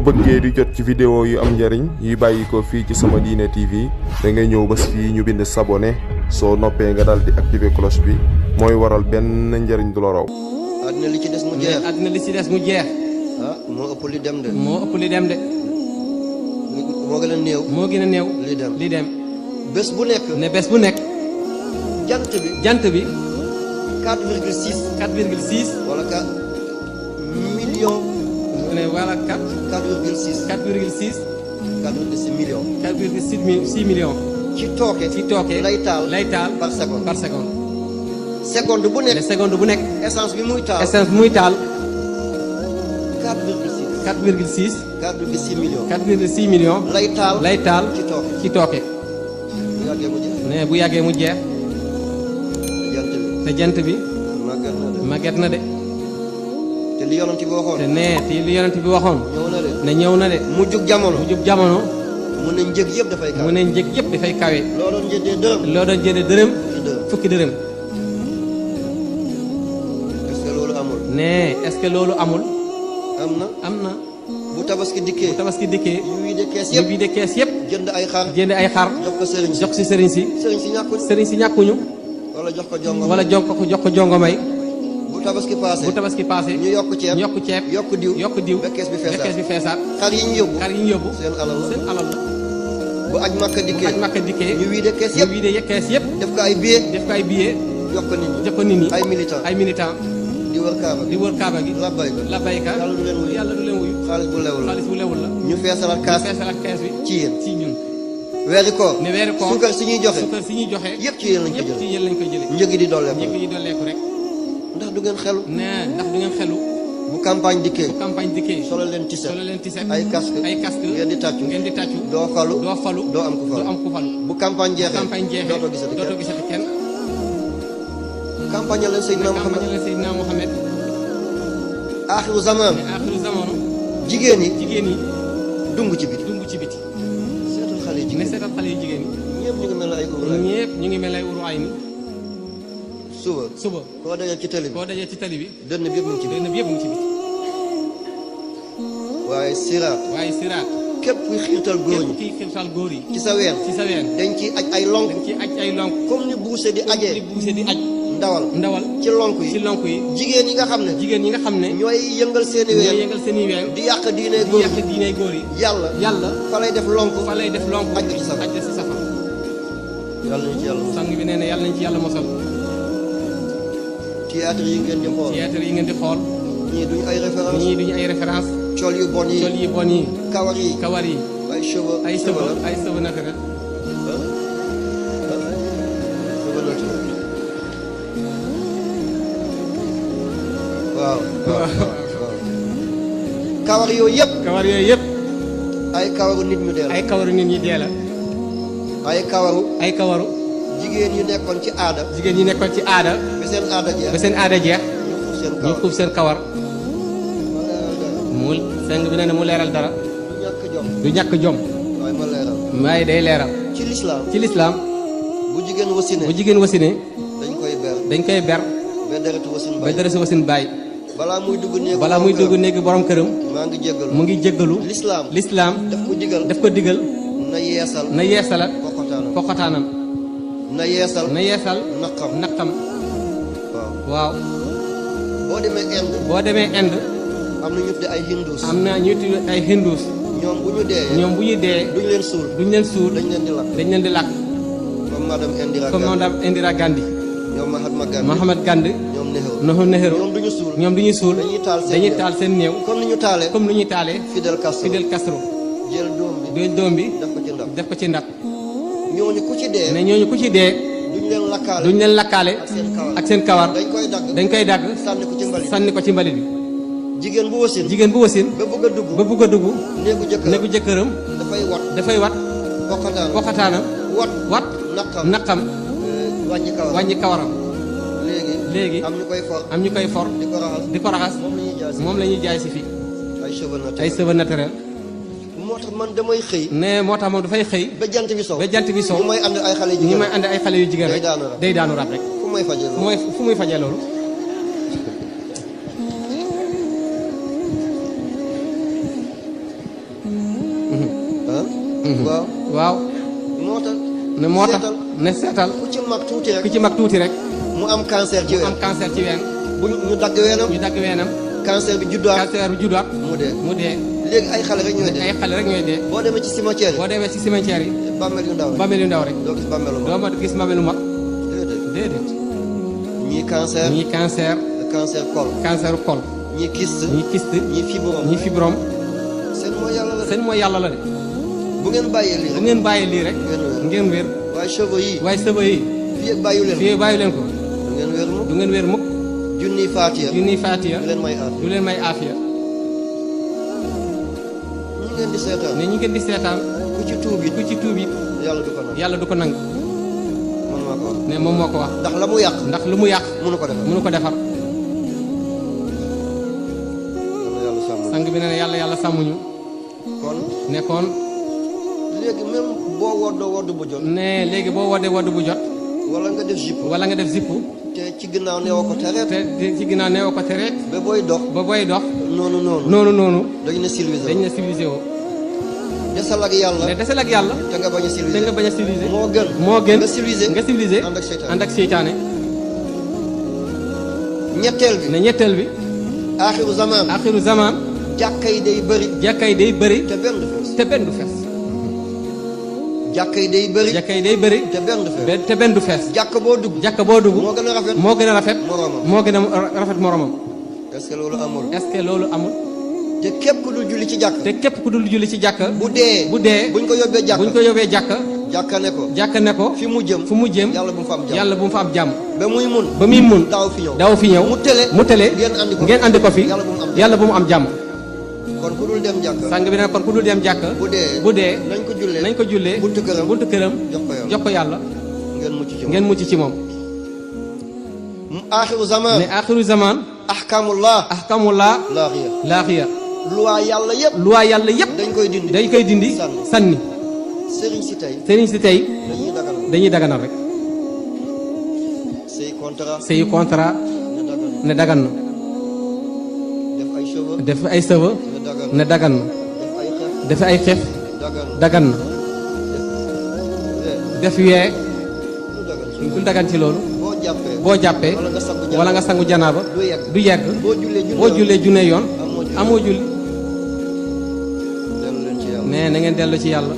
bëggee di jot ci vidéo yu am njariñ yi bàyyikoo fii ci sama diine tv da ngay ñëw bés fii ñu bind sabone soo noppee nga daal di cloche bi mooy waral benn njariñ du la raw àddina li ci des mu jeex àddina li ci des mu jeex ah moo ëpp li dem de moo ëpp li dem de moo gën néew moo gën néew li dem li dem bés bu nekk ne bés bu nekk jant bi jant bi 4,6 4,6 wala 4 millions wala 4 4,6 4,6 4,6 millions 4,6 millions ci tooke ci tooke taal par seconde par seconde seconde bu nekk seconde bu nekk essence bi muy taal essence bi muy taal 4,6 4,6 4,6 millions 4,6 millions lay taal lay taal ci tooke ci tooke bu yàggee mu jeex te jant bi te jant na de de te li yonent bi waxoon. te nee te li yonent bi waxoon. ñëw na ne ñëw na de. mu jug jamono mu jub jamono. mu ne njëg yëpp dafay kawe mu ne dafay kawe. loo doon jëndee dërëm. loo doon dërëm. fukki dërëm. est nee est-ce que loolu amul. am na am na. bu tabaski dikkee bu tabaski dikkee. yu wii de kees yëpp yu jënd ay xar jënd ay xar. jox ko sëriñ si jox si sëriñ si. sëriñ si ñàkkuñu sëriñ si ñàkkuñu. wala jox ko jongo wala jox ko jox ko jongo may bu tabaski paase bu tabaski paase ñu yokk ceeb ñu yokk ceeb yokk diw yokk diw ba kees bi feesaat ba kees bi feesaat xar yi ñu yóbbu xar yëpp ñu wiide ay billet def ko ay billet ay militant ay militant di wër kaaba gi di wër kaaba gi labbayka yàlla du bu lewul la xaalis bu lewul la bi ci ñun suukar si ñuy joxe suukar si ñuy joxe yëpp ci yéen lañ ko jëlee yëpp ci yéen lañ ko jëlee di dolleeku rek ndax du ngeen xelu nee ndax du ngeen xelu bu campagne dikkee bu campagne dikkee solo leen tise solo leen tise ay casque ay casque ngeen di tàccu ngeen di tàccu doo falu doo falu doo am ku falu doo am ku falu bu campagne jeexee campagne jeexee dootoo gisati dootoo gisati kenn campagne la seydina mohammed campagne la seydina mohammed akhiru zaman akhiru zaman jigéen yi jigéen yi dung ci biti dung ci biti seetal xale yi jigéen seetal xale yi jigéen ñëpp ñu ngi mel ay uru ay ñu ngi mel ay uru ay ni suba suba koo dajee ci tali bi koo dajee ci tali bi. dënn bi yëpp mu ngi ci biir dënn bi yëpp mu ngi ci biir. waaye siraat. waaye siraat. képp kuy xiirtal góor ñi képp kuy xiirtal góor yi. ci sa ween ci sa ween. dañ ciy aj ay lonk dañ ciy aj ay lonk. comme ni buuse di ajee comme ni buuse di aj. ndawal ndawal ci lonk yi ci lonk yi. jigéen yi nga xam ne. jigéen yi nga xam ne. ñooy yëngal seen i weer ñooy yëngal seen i weer. di yàq diine góor yi di yàq diine góor yi. yàlla yàlla fa lay def lonk. fa lay def lonk aj ci safar aj ci safar. yàlla nañ ci yàlla sang bi nee na yàlla nañ ci yàlla mosal. théâtre yi ngeen di xool. théâtre yi ngeen di xool. ñii duñ ay référence ñii duñ ay référence. col yu bon yi col yu bon yi. kawar yi kawar yi. ay cheveux ay cheveux ay cheveux naka la. waaw kawar yooyu yëpp. kawar yooyu yëpp. ay kawaru nit ñu dee la. ay kawaru nit ñi dee la. ay kawaru. ay kawaru. jigéen ñi nekkoon ci aada. jigéen ñi nekkoon ci aada. ba seen aada jeex ba ñu xuuf seen kawar ñu mu sëñ bi nee na mu leeral dara. du ñàkk jom du day leeral. ci lislaam ci lislaam. bu jigéen wasine bu jigéen wasine. dañ koy ber dañ koy ber. ba wasin bàyyi ba balaa muy dugg néegu balaa muy dugg néegi borom këram. maa mu ngi jéggalu. lislaam lislaam daf ko digal na yeesal na yeesalaat. poqotaanam na yeesal na yeesal. naqam naqam. waaw waaw. boo demee Inde. boo demee Inde. am na ñu tuddee ay hindus. am na ñu ay hindus. ñoom bu ñu dee. ñoom bu ñu dee. duñ leen suul duñ leen suul. dañ leen di lakk dañ leen di lakk. comme madame Indira Gandhi comme madame Indira Gandhi. ñoom Mahatma Gandhi Mahatma Gandhi. ñoom Nehru Nehru. ñoom du ñu suul ñoom du ñu suul. dañuy taal seen taal seen néew. comme ni ñu taalee comme ni ñu taalee. Fidel Castro Fidel doom bi jël doom def ko ci ndab def ko ci ndab. ñooñu ku ci dee. mais ñooñu ku ci dee. duñ leen lakkaale ak seen kawar dañ koy dagg dañ koy dagg. sànni ko ci mbalit sànni ko ci mbalit bi. jigéen bu wasin jigéen bu wasin. ba bugg a dugg ba bugg a dugg. néegu jëkkëram néegu jëkkëram. dafay wat dafay wat. boqataanam boqataanam. wat wat. naqam naqam. Eh, wàññi kawaram wàññi kawaram. léegi am ñu koy for am ñu koy for. di ko raxas moom la ñuy jaay si fii ay cheveux naturels tax man damay xëy. mais moo tax moom dafay xëy. ba jant bi sow ba bi sow. ñi may ànd ay xale yu jigéen may ànd ay yu jigéen rek. day daanu rab day daanu rab mooy fu muy fajee loolu. Ah? Mhm. moo tax. ne moo tax ci mag ci mag tuuti rek. mu am cancer ci ween ñu dagg weenam ñu dagg weenam. cancer bi juddaat cancer bi juddaat. mu dee. léegi ay xale rek ñooy dee. ay xale rek ñooy dee. boo demee ci cimetière yi. boo demee ci cimetière yi. yu ndaw rek bàmmeel yu gis ma gis bàmmeelu mag. déedéet déedéet. ñii cancer ñii cancer. cancer col. cancer col. ñii kyste. ñii kyste. ñii fibrome ñii fibrome. seen mooy yàlla la de. bu ngeen bàyyee lii rek bu ngeen bàyyee lii rek. ngeen wér waaye cheveux yi. waaye cheveux yi. fii ak bàyyu leen ko fii ak bàyyu leen ko. du ngeen wér mukk du ngeen wér mukk. junniy faatiya junniy faatiya. du leen may aafiya du leen may aafiya ngeen di seetaan ne ñi ngeen di seetaan. ku ci tuub it ku ci tuub yi yàlla du ko nangu yàlla du ko nangu. ko wax ne moom moo ko wax. ndax la mu yàq. ndax lu mu yàq. mënu ko defar mënu ko defar. sang bi ne ne yàlla yàlla sàmmuñu. kon ne kon. léegi même boo ne léegi boo woddee wodd bu jot. wala nga def jipp wala nga def jipp te ci ginnaaw neewoo ko tereet te ko tereet ba booy dox ba booy dox noonu noonu noonu noonu dañu ne civilisé dañ na civilisé woo desal ak yàlla te desal ak yàlla te nga bañ a civilisé nga bañ a civilisé moo gën moo gën nga civilisé nga civilisé ànd ak seytaane ànd ak seytaane ñetteel bi ne ñetteel bi aaxiru zamaan aaxiru zamaan jàkka yi day bëri jàkka yi te benn du jàkka yi day bëri jàkka yi day bëri. te benn du fees te benn du fees. jàkka boo dugg jàkka boo dugg. moo gën a rafet moo gën a rafet. moromam moo gën a rafet moromam. est-ce que loolu amul. est-ce que loolu amul. te képp ku dul julli ci jàkka. te képp ku dul julli ci jàkka. bu dee bu dee buñ ko yóbbee jàkka buñ ko yóbbee jàkka. jàkka ko jàkka ne ko. fi mu jëm fu mu jëm. yàlla bu mu fa am jàmm yàlla bu mu fa am jàmm. ba muy mun ba muy mun. daaw fi ñëw daaw fi ñëw. mu tële mu tële. ngeen andi ko fi yàlla bu mu am jàmm kon ku dul dem jakk sang bi ne kon ku dul dem jakk budé budé nañ ko nañ ko ngeen mucc ci ngeen mucc ci zaman ne akhiru zaman ahkamullah ahkamullah la yalla yeb loi yalla yeb dañ koy dindi dañ koy dindi sanni serigne si tey sëriñ dañuy ne dagan na ay xef dagan na def wee lu dagan ci loolu boo jàppee wala nga sangu janaaba du yegg boo jullee junne yoon amoo julli ne na ngeen dellu ci yàlla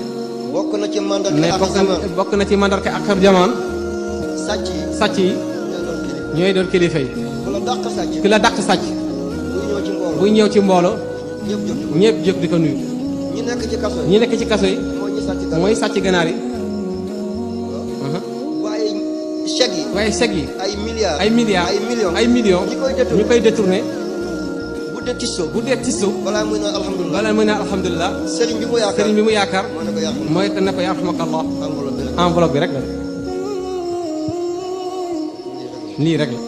bokk na ci bokk na ci mandarka ak xar jamaan sàcc yi ñooy doon kilifa yi ki la dàq sàcc buy ñëw ci mbooloo ñëpp jóg di ko nuyu. nekk ci kaso mooy sàcc ganaar yi. Uh-huh. Uh-huh. waaye chèque ay milliards ay milliards ñu koy détourné. bu dee tisso bu dee tisso. balaa muy naan alhamdulilah sëriñ bi mu yaakaar mooy que ne ko yarhamukallah. enveloppe bi rek la. rek la.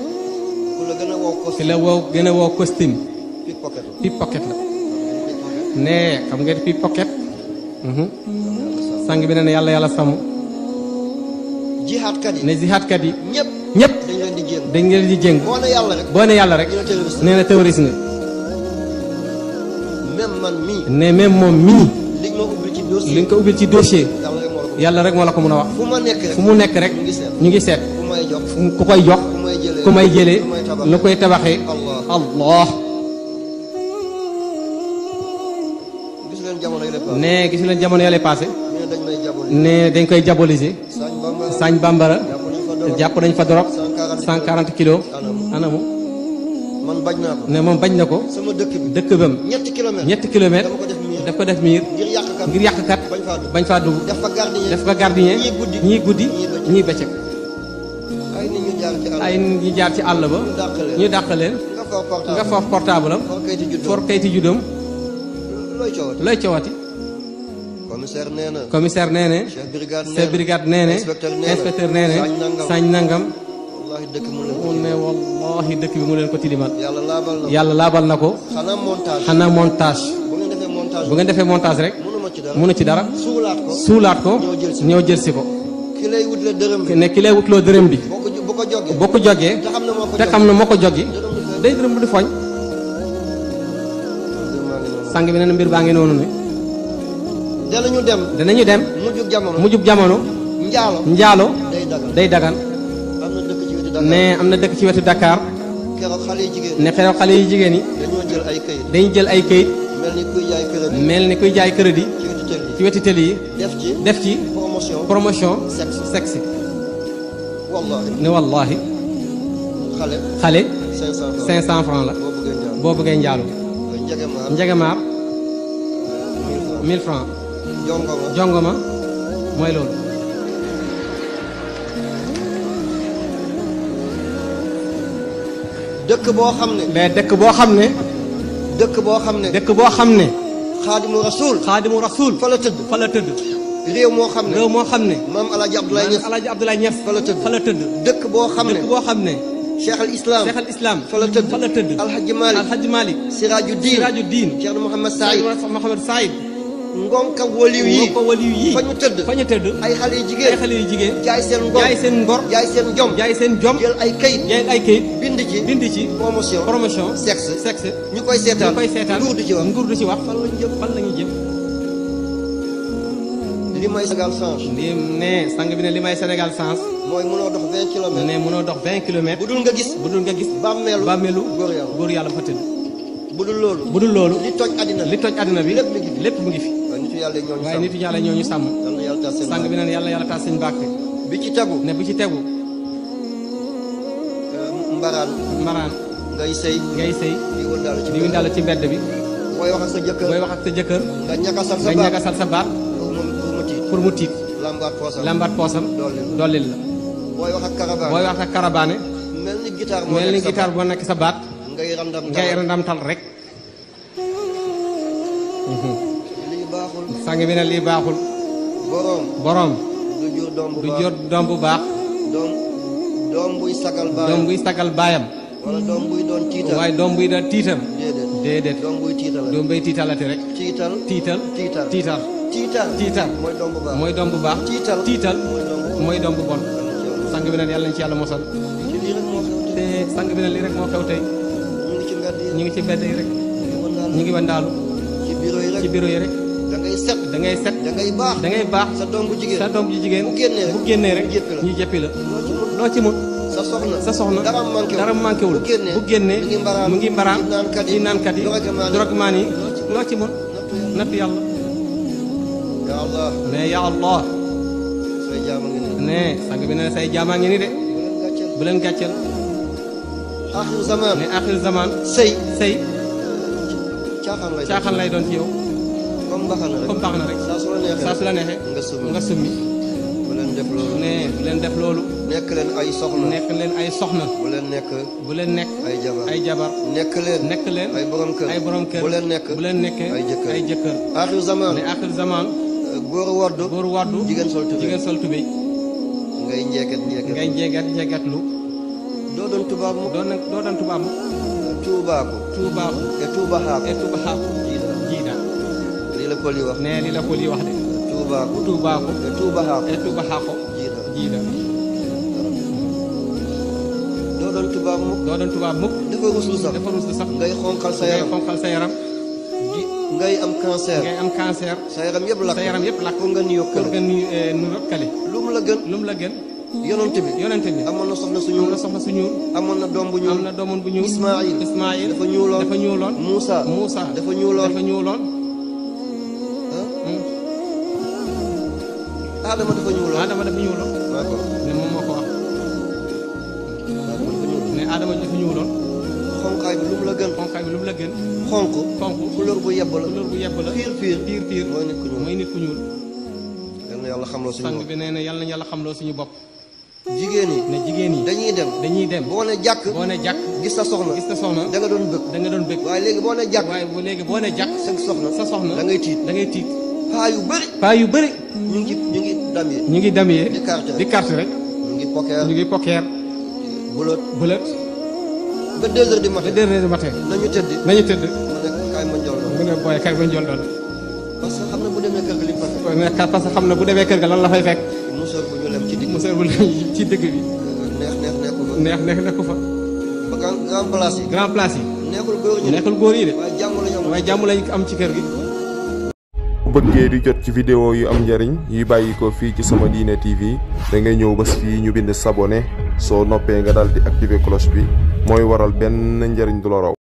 ku la gën gën a woo costume. pickpocket la. nee xam ngeen fii pocket mhm. sang bi ne na yàlla yàlla sàmm jihaatkat yi ne jihaatkat yi ñëpp dañ leen di jéng dañ di jéng boo ne yàlla rek nee na terroriste nga même man ne même moom mii li nga ko ubbil ci dossier yàlla rek moo la ko mën a wax fu mu nekk rek ñu ngi seet ku koy jox ku may jële lu koy tabaxee ne gis na jamono yële passé ne dañ koy diaboliser sañ bambara jàpp nañ fa dorop 140 kilos anamu man ne moom bañ na ko sama dëkk bi bam ñetti kilomètres dafa ko def miir ngir yàqkat bañ faa dugg def fa gardien ñii guddi ñii bëccëg ay nit jaar ci àll ba ñu dàq leen nga foof portable am for looy coowati commissaire nee na commissaire nee na chef brigade nee na inspecteur nee na sañ nangam mu ne dëkk bi mu leen ko tilimal yàlla laabal na ko xanaa montage bu ngeen defee montage rek mënu ci dara suulaat ko ñëw jël si ko ne ki lay wutloo dërëm bi boo ko jogee te xam na moo ko jogi day dërëm bu di foñ sang bi nee na mbir baa ngi noonu ne danañu dem danañu dem. mujjug jamono jamono. njaalo njaalo. day dagan day am na dëkk ci wetu Dakar ne am na xale yu jigéen ne yi. jël ay kayit dañu jël ay kayit. mel ni kuy jaay crédit ci wetu tëli yi def ci def ci. promotion promotion. sexe sexe. wallaahi wallaahi. xale francs la. boo bëggee njaalo njagamaar 1000 francs جونغو جونغو ما خادم رسول خادم رسول فلا تد فلا تد ريو مو خامني ريو مو خامني مام الحاج عبد الله نيف الحاج عبد الله نيف فلا تد فلا تد دك بو خامني دك بو خامني شيخ الاسلام شيخ الاسلام فلا تد فلا تد الحاج مالك الحاج مالك سراج الدين سراج الدين شيخ محمد سعيد محمد سعيد ngonka waliw yi ngonka waliw yi fa ñu tëdd fa ñu tëdd ay xale yu jigéen ay xale yu jigéen jaay seen ngor jaay seen ngor jaay seen jom jaay seen jom jël ay kayit jël ay kayit bind ci bind ci promotion promotion sexe sexe ñu koy seetaan ñu koy seetaan nguur du ci wax nguur du ci wax fan lañu jëm fan lañu jëm li may Sénégal change li ne sang bi ne li may Sénégal change mooy mënoo dox vingt kilomètres ne mënoo dox vingt kilomètres bu dul nga gis bu dul nga gis bàmmeelu bàmmeelu góor yàlla góor yàlla fa tëdd bu dul loolu bu dul loolu li toj àddina li toj àddina bi lépp mu ngi fi lépp mu ngi fi nitu yàlla ñoo ñu sàmm waaye nitu yàlla ñoo ñu sàmm. yàlla bi naan yàlla yàlla taas seen bàkk. bi ci tegu ne bi ci tegu. Euh, mbaraan. mbaraan. ngay sëy. ngay sëy. di windaal ci ci mbedd bi. booy wax ak sa wax ak sa nga sa sa pour mu la. wax ak wax ak sa baat mhm. sang bi ne baaxul. borom borom. du jur doom bu baax du jur buy sagal baayam doon tiital waaye doom buy doon tiital. déedéet déedéet. doom buy tiital doom buy tiitalati rek. tiital tiital tiital tiital. tiital tiital mooy doom bu baax mooy doom bu baax. tiital tiital mooy doom bu bon. sang bi nag yàlla nañ ci yàlla mosal. te sang bi lii rek moo xew tey. ñu ngi ci mbedd yi rek. ñu ngi wandaalu. ci bureau yi rek ci bureau yi rek. da ngay set da ngay set da baax da ngay baax sa doom bu jigéen sa doom bu jigéen bu génnee rek bu génnee rek ñu jëppi la loo ci mën sa soxna sa soxna dara manqué wul bu génnee mu ngi mbaraam di naankat yi drogueman yi loo ci mën nattu yàlla ne ya allah ne sang bi say jaamaa ngi ni de bu leen gàcceel axir zaman ne axir zaman sëy sëy caaxaan lay doon ci yow comme mbaxana rek comme mbaxana la neexee nga summi nga summi. bu leen def loolu. nekk leen ay soxna. leen ay soxna. bu leen nekk. bu leen nekk ay jabar ay jabar. nekk leen. nekk leen ay borom kër ay borom kër. bu leen nekk bu leen nekkee ay jëkkër ay jëkkër. aaxir zamaan mais aaxir zamaan. góor waddu euh, góor waddu. jigéen sol tubéy sol tubéy. ngay njeegat njeegat ngay njeegat njeegat lu. doo doon tubaab mu doo doon tubaab mu. tuubaaku. tuubaaku. et tuubaxaaku la yi wax nee li la wax de tuubaaku tuubaaku e tuubaxaako e tuubaxaako jiida jiida doo doon ngay am cancer ngay am cancer sa yaram yëpp lakk sa yaram yëpp lakk pour nga nuyoo kale nga nuyoo eh, kale lu mu la gën lu mu la gën yonent bi yonent bi amoon na soxna su na soxna su amoon na doom bu am na doom bu ñuul Ismaayil Ismaayil dafa ñuuloon dafa ñuuloon Muusa dafa ñuuloon dafa Adama dafa ñuuloon ah. Adama dafa ñuuloon. Ah. d'accord ne moom moo ko wax. Adama dafa xonqaay bi lu mu la gën. xonq. xonq couleur bu yebb la. couleur bu yebb la piir piir piir piir. mooy nit ku ñuul mooy nit ku ñuul. yal na yàlla xamloo suñu bopp sang bi nee na na suñu bopp. jigéen yi ne jigéen dañuy dem dañuy dem boo ne jàkk boo ne jàkk gis sa soxna gis sa soxna da nga doon bëgg da nga doon bëgg waaye léegi boo ne jàkk waaye léegi boo ne sa soxna sa soxna da ngay tiit da ngay tiit paa yu bëri paa yu bëri ñu ngi ñu ngi damyee ñu ngi damyee eh? di carte di carte rek ñu eh? ngi poker ñu ngi poker bëlët bëlët ba deux heures du matin ba deux heures du matin nañu tëdd nañu tëdd mu ne kaay ma njol mu ne booy kaay ma njol parce que xam na bu demee kër ga li mu fa parce que xam na bu demee kër ga lan la fay fekk museur bu ñu lem ci digg museur bu lem ci digg bi neex neex nekku fa neex neex nekku fa ba grand place grand place neexul góor yi neexul góor yi de waaye jàmm lañu am waaye jàmm lañu am ci kër gi eh? bëggee di jot ci vidéo yi am njariñ yi bàyyikoo fii ci sama diine TV da ngay ñëw bés fii ñu bind sabone soo noppee nga daal di activé cloche bi mooy waral benn njariñ du la raw